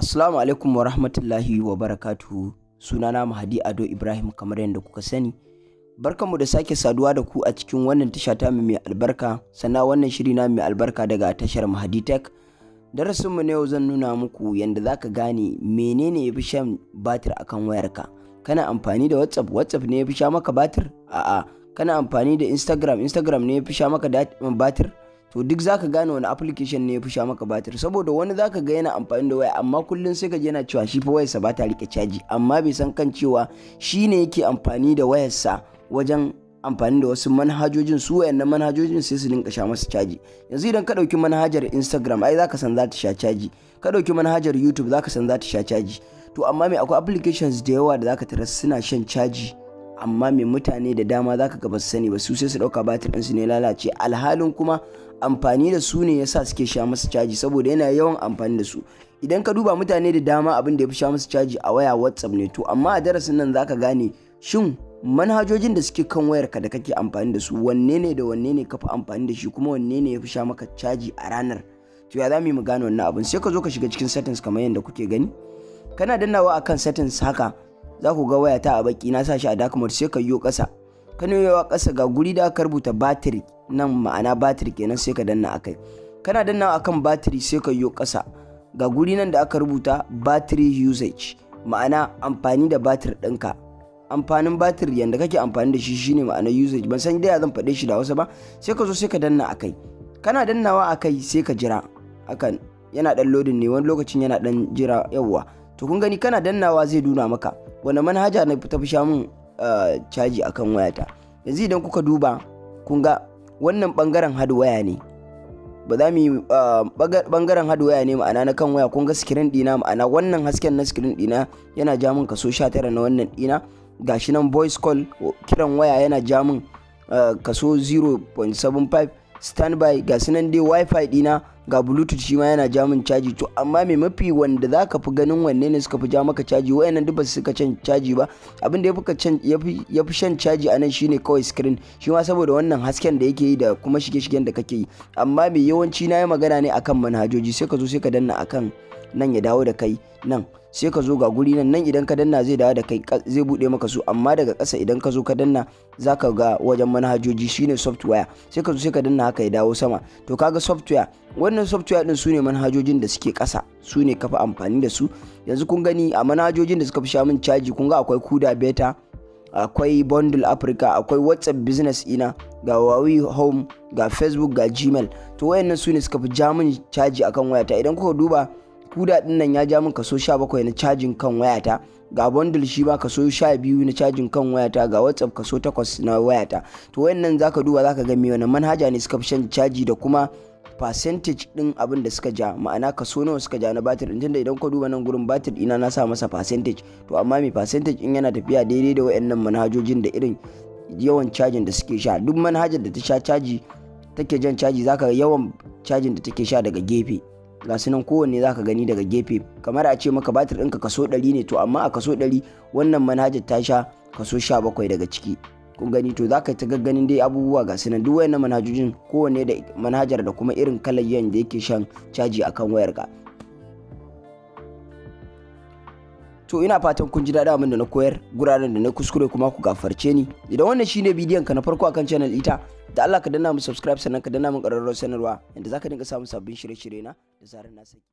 Assalamu alaikum wa rahmatullahi wa barakatuhu sunana Mahadi Ado Ibrahim kamar yadda kuka sani. Barkanmu da sake saduwa da ku a cikin wannan tasha ta mai albarka sannan wannan shiri na mai albarka daga tashar Mahadi Tech. Darasinmu na yau zan nuna muku yadda zaka gane menene ya shan batir akan wayarka. Kana amfani da WhatsApp, WhatsApp ne ya sha maka batir? A'a, kana amfani da Instagram, Instagram ne ya sha maka batir? to duk zaka gane wani application ne ya fi sha maka batir saboda wani zaka ga yana amfani da waya amma kullum sai ka je yana cewa shi fa wayarsa ba ta rike caji amma bai san kan cewa shi ne yake amfani da wayarsa wajen amfani da wasu manhajojin su na manhajojin sai su dinka sha masa caji yanzu idan ka dauki manhajar Instagram ai zaka san za ta sha caji ka dauki manhajar YouTube zaka san za ta sha caji to amma me akwai applications da yawa da zaka tarar suna shan caji amma mai mutane da dama zaka ga su sani ba su sai su dauka batir ɗinsu ne lalace alhalin kuma amfani da su ne yasa suke sha masu caji saboda yana yawan amfani da su idan ka duba mutane da dama abin da ya fi sha masu caji a waya whatsapp ne to amma a darasin nan zaka gane shin manhajojin da suke kan wayarka da kake amfani da su wanne ne da wanne ne ka fi amfani da shi kuma wanne ne ya fi sha maka caji a ranar to ya za mu yi mu gane wannan abin sai ka zo ka shiga cikin settings kamar yadda kuke gani kana dannawa akan settings haka za ku ga wayata a baki na sa shi a dark mode sai ka yi ƙasa ka yowa ƙasa ga guri da aka rubuta battery nan ma'ana battery kenan sai ka danna akai kana danna akan battery sai ka yi ƙasa ga guri nan da aka rubuta battery usage ma'ana amfani da batir ɗinka amfanin batir yadda kake amfani da shi shine ma'ana usage ban san dai zan faɗe shi da wasu ba sai ka zo sai ka danna a kai kana dannawa a kai sai ka jira akan yana dan lodin ne wani lokacin yana dan jira yawwa to kun gani kana dannawa zai duna maka wani manhaja na tafi sha min eh, caji akan wayata yanzu idan kuka duba kun ga wannan bangaren waya ne ba za mu yi bangaren eh, waya ne ma'ana na kan waya kun ga sikirin dina ma'ana wannan hasken na sikirin dina yana ja min kaso 19 na wannan dina gashi nan voice call kiran waya yana ja min eh, kaso 0.75 standby ga nan dai wifi dina ga bluetooth shi ma yana ja min caji to amma me mafi wanda za ka fi ganin wanne ne suka fi ja maka caji wayannan duk ba su suka can caji ba abin da ya fi shan caji a nan shine kawai screen shi ma saboda wannan hasken da yake yi da kuma shige-shigen da kake yi amma mai yawanci na yi magana ne akan manhajoji sai ka zo sai ka danna akan nan ya dawo da kai nan sai ka zo ga guri nan nan idan ka danna zai dawo da kai zai bude maka su amma daga kasa idan ka zo ka danna za ka ga wajen manhajoji shine software sai ka zo sai ka danna haka ya dawo sama to kaga software wannan waɗannan software ɗin su ne manhajojin da suke kasa su ne kafa amfani da su yanzu kun gani a manhajojin da suka fi sha min caji kun ga akwai kuda beta akwai bundle africa akwai whatsapp business ina ga huawei home ga facebook ga gmail to wayannan su ne suka fi ja min caji akan wayata idan kuka duba kuda din nan ya ja min kaso 17 na cajin kan wayata ga bundle shi ma kaso 12 na cajin kan wayata ga whatsapp kaso 8 na wayata to wayannan zaka duba zaka ga me wannan manhaja ne suka fi shan caji da kuma percentage din abin da suka ja ma'ana kaso nawa suka ja na batir din tunda idan ka duba nan gurin batir ina na sa masa percentage to amma mai percentage in yana tafiya daidai da wayannan manhajojin da irin yawan cajin da suke sha duk manhajar da ta sha caji take jan caji zaka ga yawan cajin da take sha daga gefe ga su nan kowanne zaka gani daga gefe kamar a ce maka batir din ka kaso 100 ne to amma a kaso 100 wannan manhajar ta sha kaso 17 daga ciki kun gani to zaka ta gagganin dai abubuwa ga sunan duk wayannan manhajojin kowanne da manhajar da kuma irin kalar yan da yake shan caji akan wayar ka to ina fatan kun ji dada abin da na koyar guraren da na kuskure kuma ku gafarce ni idan wannan shine bidiyon ka na farko akan channel ita da Allah ka danna mu subscribe sannan ka danna mu ƙararrawar sanarwa yadda zaka dinga samun sabbin shirye-shirye na da zarar na saki